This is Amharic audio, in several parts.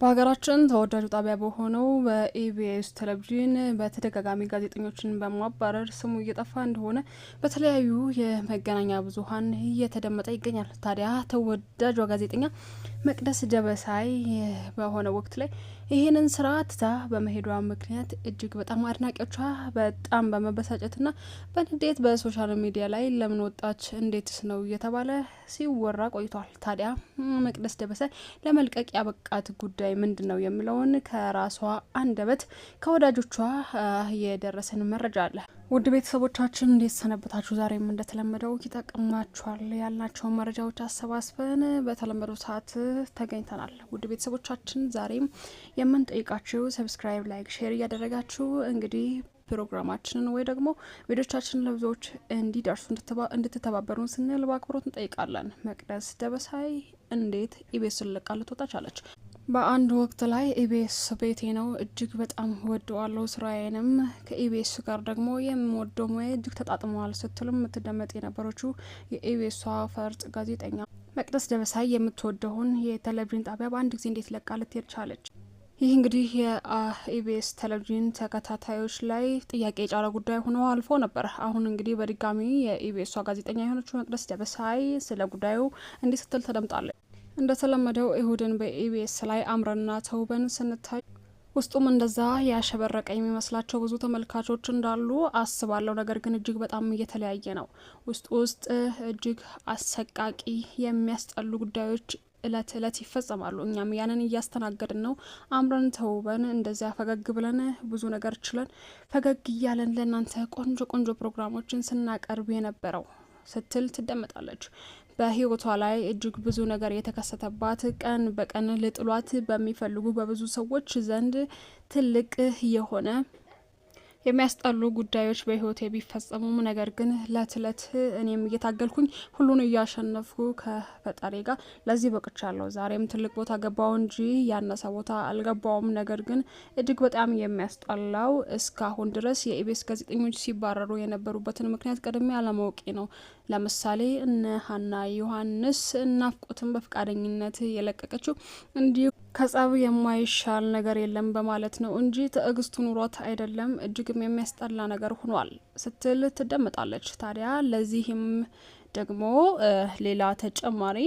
በሀገራችን ተወዳጁ ጣቢያ በሆነው በኢቢኤስ ቴሌቪዥን በተደጋጋሚ ጋዜጠኞችን በማባረር ስሙ እየጠፋ እንደሆነ በተለያዩ የመገናኛ ብዙኃን እየተደመጠ ይገኛል። ታዲያ ተወዳጇ ጋዜጠኛ መቅደስ ደበሳይ በሆነ ወቅት ላይ ይህንን ስራ ትታ በመሄዷ ምክንያት እጅግ በጣም አድናቂዎቿ በጣም በመበሳጨትና በንዴት በሶሻል ሚዲያ ላይ ለምን ወጣች እንዴትስ ነው እየተባለ ሲወራ ቆይቷል። ታዲያ መቅደስ ደበሰ ለመልቀቅ ያበቃት ጉዳይ ምንድን ነው የሚለውን ከራሷ አንደበት ከወዳጆቿ የደረሰን መረጃ አለ። ውድ ቤተሰቦቻችን እንዴት ሰነበታችሁ? ዛሬም እንደተለመደው ይጠቅማችኋል ያልናቸውን መረጃዎች አሰባስበን በተለመደው ሰዓት ተገኝተናል። ውድ ቤተሰቦቻችን ዛሬም የምንጠይቃችሁ ሰብስክራይብ፣ ላይክ፣ ሼር እያደረጋችሁ እንግዲህ ፕሮግራማችንን ወይ ደግሞ ቪዲዮቻችንን ለብዙዎች እንዲደርሱ እንድትተባበሩን ስንል በአክብሮት እንጠይቃለን። መቅደስ ደበሳይ እንዴት ኢቤስ ለቃ ልትወጣ ቻለች? በአንድ ወቅት ላይ ኢቢኤስ ቤቴ ነው፣ እጅግ በጣም ወደዋለው ስራዬንም ከኢቢኤስ ጋር ደግሞ የምወደው ሙያ እጅግ ተጣጥመዋል ስትልም የምትደመጥ የነበረችው የኢቢኤሷ ፈርጥ ጋዜጠኛ መቅደስ ደበሳይ የምትወደውን የቴሌቪዥን ጣቢያ በአንድ ጊዜ እንዴት ለቃ ልትሄድ ቻለች? ይህ እንግዲህ የኢቢኤስ ቴሌቪዥን ተከታታዮች ላይ ጥያቄ የጫረ ጉዳይ ሆኖ አልፎ ነበር። አሁን እንግዲህ በድጋሚ የኢቢኤሷ ጋዜጠኛ የሆነችው መቅደስ ደበሳይ ስለ ጉዳዩ እንዲህ ስትል ተደምጣለች። እንደተለመደው እሁድን በኢቢኤስ ላይ አምረንና ተውበን ስንታይ ውስጡም እንደዛ ያሸበረቀ የሚመስላቸው ብዙ ተመልካቾች እንዳሉ አስባለሁ። ነገር ግን እጅግ በጣም እየተለያየ ነው። ውስጥ ውስጥ እጅግ አሰቃቂ የሚያስጠሉ ጉዳዮች እለት እለት ይፈጸማሉ። እኛም ያንን እያስተናገድን ነው። አምረን ተውበን እንደዚያ ፈገግ ብለን ብዙ ነገር ችለን ፈገግ እያለን ለእናንተ ቆንጆ ቆንጆ ፕሮግራሞችን ስናቀርብ የነበረው ስትል ትደመጣለች። በህይወቷ ላይ እጅግ ብዙ ነገር የተከሰተባት ቀን በቀን ልጥሏት በሚፈልጉ በብዙ ሰዎች ዘንድ ትልቅ የሆነ የሚያስጠሉ ጉዳዮች በህይወቴ ቢፈጸሙም ነገር ግን ለትለት ለት እኔም እየታገልኩኝ ሁሉን እያሸነፍኩ ከፈጣሪ ጋር ለዚህ በቅቻለሁ። ዛሬም ትልቅ ቦታ ገባው እንጂ ያነሰ ቦታ አልገባውም። ነገር ግን እጅግ በጣም የሚያስጠላው እስካሁን ድረስ የኢቤስ ጋዜጠኞች ሲባረሩ የነበሩበትን ምክንያት ቀድሚ አለማወቂ ነው። ለምሳሌ እነ ሀና ዮሐንስ በፈቃደኝነት የለቀቀችው እንዲሁ ከጸብ የማይሻል ነገር የለም በማለት ነው እንጂ ትዕግስቱ ኑሮት አይደለም፣ እጅግም የሚያስጠላ ነገር ሆኗል ስትል ትደመጣለች። ታዲያ ለዚህም ደግሞ ሌላ ተጨማሪ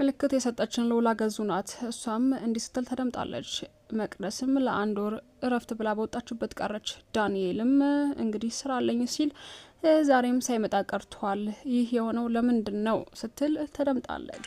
ምልክት የሰጠችን ለውላ ገዙ ናት። እሷም እንዲህ ስትል ተደምጣለች። መቅደስም ለአንድ ወር እረፍት ብላ በወጣችበት ቀረች። ዳንኤልም እንግዲህ ስራ አለኝ ሲል ዛሬም ሳይመጣ ቀርቷል። ይህ የሆነው ለምንድን ነው ስትል ተደምጣለች።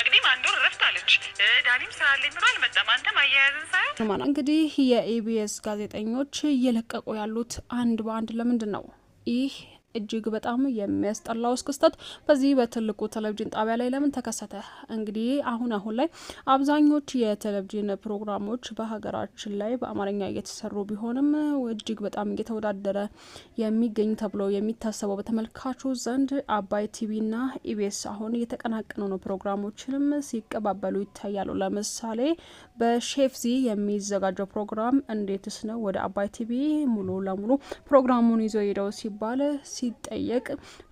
ትችላለች። ዳኒም ስራ አለኝ ብሎ አልመጣም። አንተም አያያዝን ተማና እንግዲህ የኤቢኤስ ጋዜጠኞች እየለቀቁ ያሉት አንድ በአንድ ለምንድን ነው ይህ እጅግ በጣም የሚያስጠላው ክስተት በዚህ በትልቁ ቴሌቪዥን ጣቢያ ላይ ለምን ተከሰተ? እንግዲህ አሁን አሁን ላይ አብዛኞቹ የቴሌቪዥን ፕሮግራሞች በሀገራችን ላይ በአማርኛ እየተሰሩ ቢሆንም እጅግ በጣም እየተወዳደረ የሚገኝ ተብሎ የሚታሰበው በተመልካቹ ዘንድ አባይ ቲቪና ኢቢኤስ አሁን እየተቀናቀኑ ነው። ፕሮግራሞችንም ሲቀባበሉ ይታያሉ። ለምሳሌ በሼፍዚ የሚዘጋጀው ፕሮግራም እንዴትስ ነው ወደ አባይ ቲቪ ሙሉ ለሙሉ ፕሮግራሙን ይዞ ሄደው ሲባል ሲጠየቅ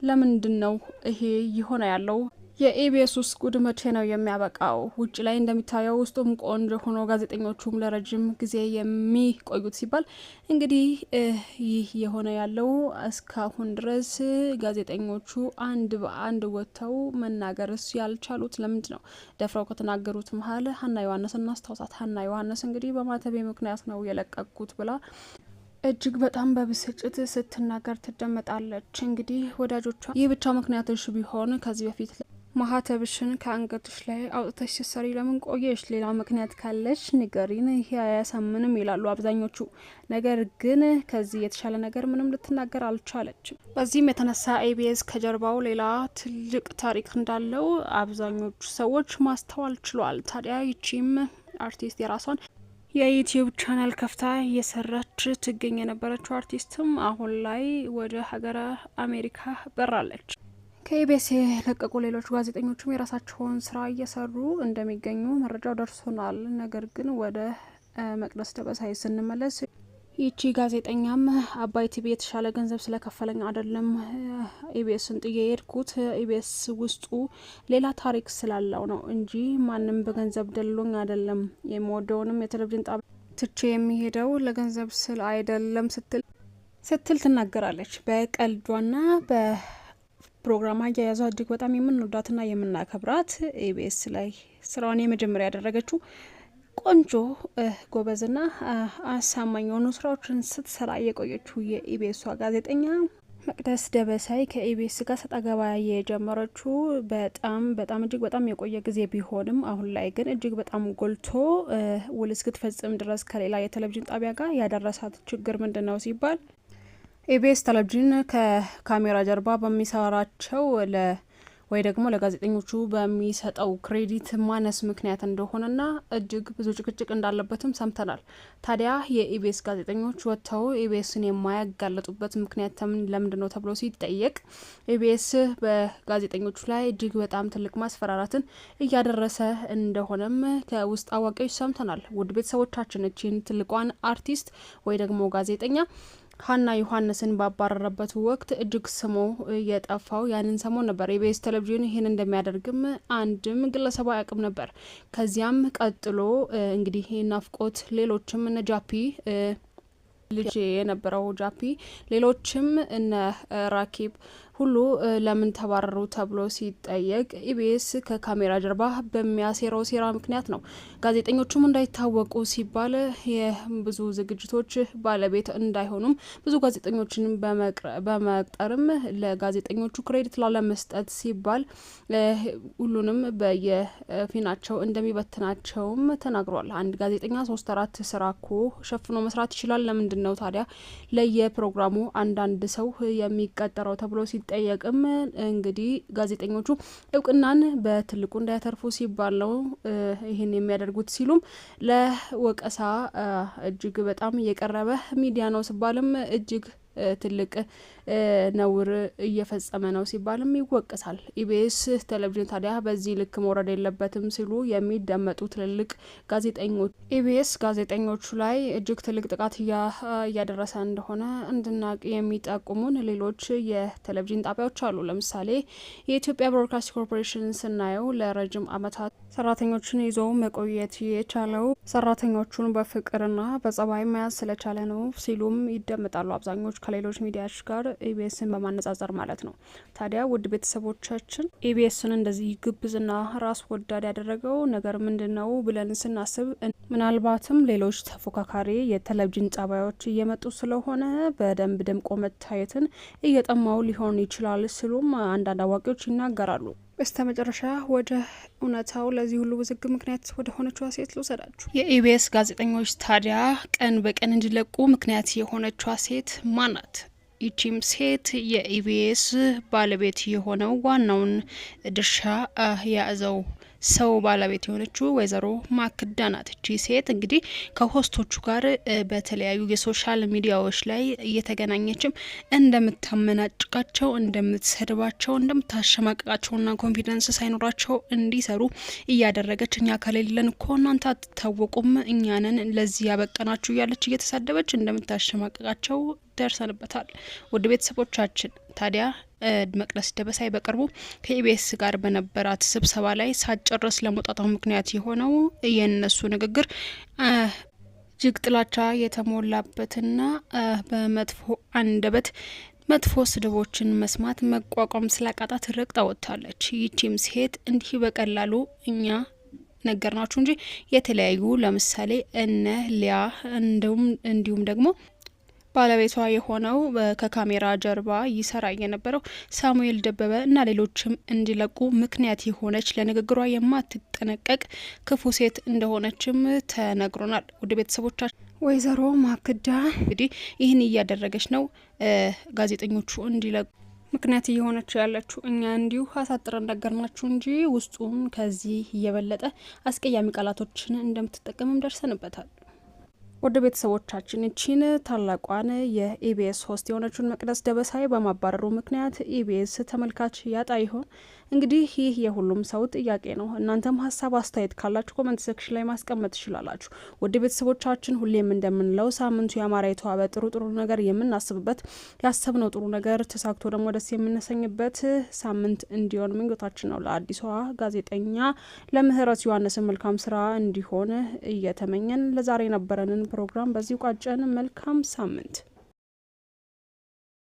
ለምንድን ነው ይሄ የሆነ ያለው? የኢቢኤስ ውስጥ ጉድ መቼ ነው የሚያበቃው? ውጭ ላይ እንደሚታየው ውስጡም ቆንጆ ሆኖ ጋዜጠኞቹም ለረጅም ጊዜ የሚቆዩት ሲባል እንግዲህ ይህ የሆነ ያለው እስካሁን ድረስ ጋዜጠኞቹ አንድ በአንድ ወጥተው መናገርስ ያልቻሉት ለምንድ ነው? ደፍረው ከተናገሩት መሀል ሀና ዮሐንስ እናስታውሳት። ሀና ዮሐንስ እንግዲህ በማተቤ ምክንያት ነው የለቀቁት ብላ እጅግ በጣም በብስጭት ስትናገር ትደመጣለች። እንግዲህ ወዳጆቿ ይህ ብቻ ምክንያትሽ ቢሆን ከዚህ በፊት ማህተብሽን ከአንገትሽ ላይ አውጥተሽ ስሰሪ ለምን ቆየሽ? ሌላ ምክንያት ካለሽ ንገሪን፣ ይህ አያሳምንም ይላሉ አብዛኞቹ። ነገር ግን ከዚህ የተሻለ ነገር ምንም ልትናገር አልቻለችም። በዚህም የተነሳ ኤቢኤስ ከጀርባው ሌላ ትልቅ ታሪክ እንዳለው አብዛኞቹ ሰዎች ማስተዋል ችሏል። ታዲያ ይቺም አርቲስት የራሷን የዩቲዩብ ቻናል ከፍታ እየሰራች ትገኝ የነበረችው አርቲስትም አሁን ላይ ወደ ሀገረ አሜሪካ በራለች። ከኢቢኤስ የለቀቁ ሌሎች ጋዜጠኞችም የራሳቸውን ስራ እየሰሩ እንደሚገኙ መረጃው ደርሶናል። ነገር ግን ወደ መቅደስ ደበሳይ ስንመለስ ይቺ ጋዜጠኛም አባይ ቲቪ የተሻለ ገንዘብ ስለከፈለኝ አይደለም ኢቢኤስን ጥዬ የሄድኩት ኢቢኤስ ውስጡ ሌላ ታሪክ ስላለው ነው እንጂ ማንም በገንዘብ ደሎኝ አይደለም የምወደውንም የቴሌቪዥን ጣቢያ ትቼ የሚሄደው ለገንዘብ ስል አይደለም ስትል ስትል ትናገራለች። በቀልዷና በፕሮግራም አያያዟ እጅግ በጣም የምንወዳትና የምናከብራት ኢቢኤስ ላይ ስራዋን የመጀመሪያ ያደረገችው ቆንጆ ጎበዝና አሳማኝ የሆኑ ስራዎችን ስትሰራ የቆየችው የኢቢኤሷ ጋዜጠኛ መቅደስ ደበሳይ ከኢቢኤስ ጋር ሰጣ ገባ የጀመረችው በጣም በጣም እጅግ በጣም የቆየ ጊዜ ቢሆንም አሁን ላይ ግን እጅግ በጣም ጎልቶ ውል እስክትፈጽም ድረስ ከሌላ የቴሌቪዥን ጣቢያ ጋር ያደረሳት ችግር ምንድን ነው ሲባል ኢቢኤስ ቴሌቪዥን ከካሜራ ጀርባ በሚሰራቸው ወይ ደግሞ ለጋዜጠኞቹ በሚሰጠው ክሬዲት ማነስ ምክንያት እንደሆነና እጅግ ብዙ ጭቅጭቅ እንዳለበትም ሰምተናል። ታዲያ የኢቢኤስ ጋዜጠኞች ወጥተው ኢቢኤስን የማያጋለጡበት ምክንያት ለምንድን ነው ተብሎ ሲጠየቅ ኢቢኤስ በጋዜጠኞቹ ላይ እጅግ በጣም ትልቅ ማስፈራራትን እያደረሰ እንደሆነም ከውስጥ አዋቂዎች ሰምተናል። ውድ ቤተሰቦቻችን እቺን ትልቋን አርቲስት ወይ ደግሞ ጋዜጠኛ ሀና ዮሐንስን ባባረረበት ወቅት እጅግ ስሞ የጠፋው ያንን ሰሞን ነበር። ኢቢኤስ ቴሌቪዥን ይህን እንደሚያደርግም አንድም ግለሰባዊ አቅም ነበር። ከዚያም ቀጥሎ እንግዲህ ናፍቆት፣ ሌሎችም እነ ጃፒ ልጅ የነበረው ጃፒ፣ ሌሎችም እነ ራኪብ ሁሉ ለምን ተባረሩ ተብሎ ሲጠየቅ ኢቢኤስ ከካሜራ ጀርባ በሚያሴረው ሴራ ምክንያት ነው ጋዜጠኞቹም እንዳይታወቁ ሲባል የብዙ ዝግጅቶች ባለቤት እንዳይሆኑም ብዙ ጋዜጠኞችን በመቅጠርም ለጋዜጠኞቹ ክሬዲት ላለመስጠት ሲባል ሁሉንም በየፊናቸው እንደሚበትናቸውም ተናግሯል። አንድ ጋዜጠኛ ሶስት አራት ስራ ኮ ሸፍኖ መስራት ይችላል። ለምንድን ነው ታዲያ ለየፕሮግራሙ አንዳንድ ሰው የሚቀጠረው ተብሎ ሲ ቢጠየቅም እንግዲህ ጋዜጠኞቹ እውቅናን በትልቁ እንዳያተርፉ ሲባል ነው ይህን የሚያደርጉት ሲሉም ለወቀሳ እጅግ በጣም እየቀረበ ሚዲያ ነው ስባልም እጅግ ትልቅ ነውር እየፈጸመ ነው ሲባልም ይወቅሳል። ኢቢኤስ ቴሌቪዥን ታዲያ በዚህ ልክ መውረድ የለበትም ሲሉ የሚደመጡ ትልልቅ ጋዜጠኞች ኢቢኤስ ጋዜጠኞቹ ላይ እጅግ ትልቅ ጥቃት እያደረሰ እንደሆነ እንድናቅ የሚጠቁሙን ሌሎች የቴሌቪዥን ጣቢያዎች አሉ። ለምሳሌ የኢትዮጵያ ብሮድካስት ኮርፖሬሽን ስናየው ለረጅም ዓመታት ሰራተኞችን ይዞ መቆየት የቻለው ሰራተኞቹን በፍቅርና በጸባይ መያዝ ስለቻለ ነው ሲሉም ይደመጣሉ አብዛኞቹ ከሌሎች ሚዲያዎች ጋር ኢቢኤስን በማነጻጸር ማለት ነው። ታዲያ ውድ ቤተሰቦቻችን ኢቢኤስን እንደዚህ ግብዝና ራስ ወዳድ ያደረገው ነገር ምንድን ነው ብለን ስናስብ ምናልባትም ሌሎች ተፎካካሪ የቴሌቪዥን ጣቢያዎች እየመጡ ስለሆነ በደንብ ደምቆ መታየትን እየጠማው ሊሆን ይችላል ሲሉም አንዳንድ አዋቂዎች ይናገራሉ። በስተ መጨረሻ ወደ እውነታው ለዚህ ሁሉ ውዝግብ ምክንያት ወደ ሆነችዋ ሴት ልውሰዳችሁ። የኢቢኤስ ጋዜጠኞች ታዲያ ቀን በቀን እንዲለቁ ምክንያት የሆነችዋ ሴት ማናት? ይቺም ሴት የኢቢኤስ ባለቤት የሆነው ዋናውን ድርሻ ያዘው። ሰው ባለቤት የሆነችው ወይዘሮ ማክዳ ናት። እቺ ሴት እንግዲህ ከሆስቶቹ ጋር በተለያዩ የሶሻል ሚዲያዎች ላይ እየተገናኘችም እንደምታመናጭቃቸው፣ እንደምትሰድባቸው፣ እንደምታሸማቀቃቸውና ኮንፊደንስ ሳይኖራቸው እንዲሰሩ እያደረገች እኛ ከሌለን እኮ እናንተ አትታወቁም እኛንን ለዚህ ያበቀናችሁ እያለች እየተሳደበች እንደምታሸማቀቃቸው ደርሰንበታል። ውድ ቤተሰቦቻችን ታዲያ መቅደስ ደበሳይ በቅርቡ ከኢቢኤስ ጋር በነበራት ስብሰባ ላይ ሳጨረስ ለመውጣቷ ምክንያት የሆነው የነሱ ንግግር እጅግ ጥላቻ የተሞላበትና በመጥፎ አንደበት መጥፎ ስድቦችን መስማት መቋቋም ስላቃጣት ረግጣ ወጥታለች። ይቺም ሴት እንዲህ በቀላሉ እኛ ነገር እንጂ የተለያዩ ለምሳሌ እነ ሊያ እንዲሁም እንዲሁም ደግሞ ባለቤቷ የሆነው ከካሜራ ጀርባ ይሰራ የነበረው ሳሙኤል ደበበ እና ሌሎችም እንዲለቁ ምክንያት የሆነች ለንግግሯ የማትጠነቀቅ ክፉ ሴት እንደሆነችም ተነግሮናል። ውድ ቤተሰቦቻችን ወይዘሮ ማክዳ እንግዲህ ይህን እያደረገች ነው ጋዜጠኞቹ እንዲለቁ ምክንያት እየሆነች ያለችው እኛ እንዲሁ አሳጥረን ነገርናችሁ እንጂ ውስጡን ከዚህ እየበለጠ አስቀያሚ ቃላቶችን እንደምትጠቀምም ደርሰንበታል። ወደ ቤተሰቦቻችን ቺን ታላቋን የኢቢኤስ ሆስት የሆነችውን መቅደስ ደበሳይ በማባረሩ ምክንያት ኢቢኤስ ተመልካች ያጣ ይሆን? እንግዲህ ይህ የሁሉም ሰው ጥያቄ ነው። እናንተም ሀሳብ አስተያየት ካላችሁ ኮመንት ሴክሽን ላይ ማስቀመጥ ትችላላችሁ። ውድ ቤተሰቦቻችን ሁሌም እንደምንለው ሳምንቱ የአማራ የተዋበ ጥሩ ጥሩ ነገር የምናስብበት ያሰብነው ጥሩ ነገር ተሳክቶ ደግሞ ደስ የምንሰኝበት ሳምንት እንዲሆን ምኞታችን ነው። ለአዲሷ ጋዜጠኛ ለምህረት ዮሐንስን መልካም ስራ እንዲሆን እየተመኘን ለዛሬ የነበረንን ፕሮግራም በዚሁ ቋጨን። መልካም ሳምንት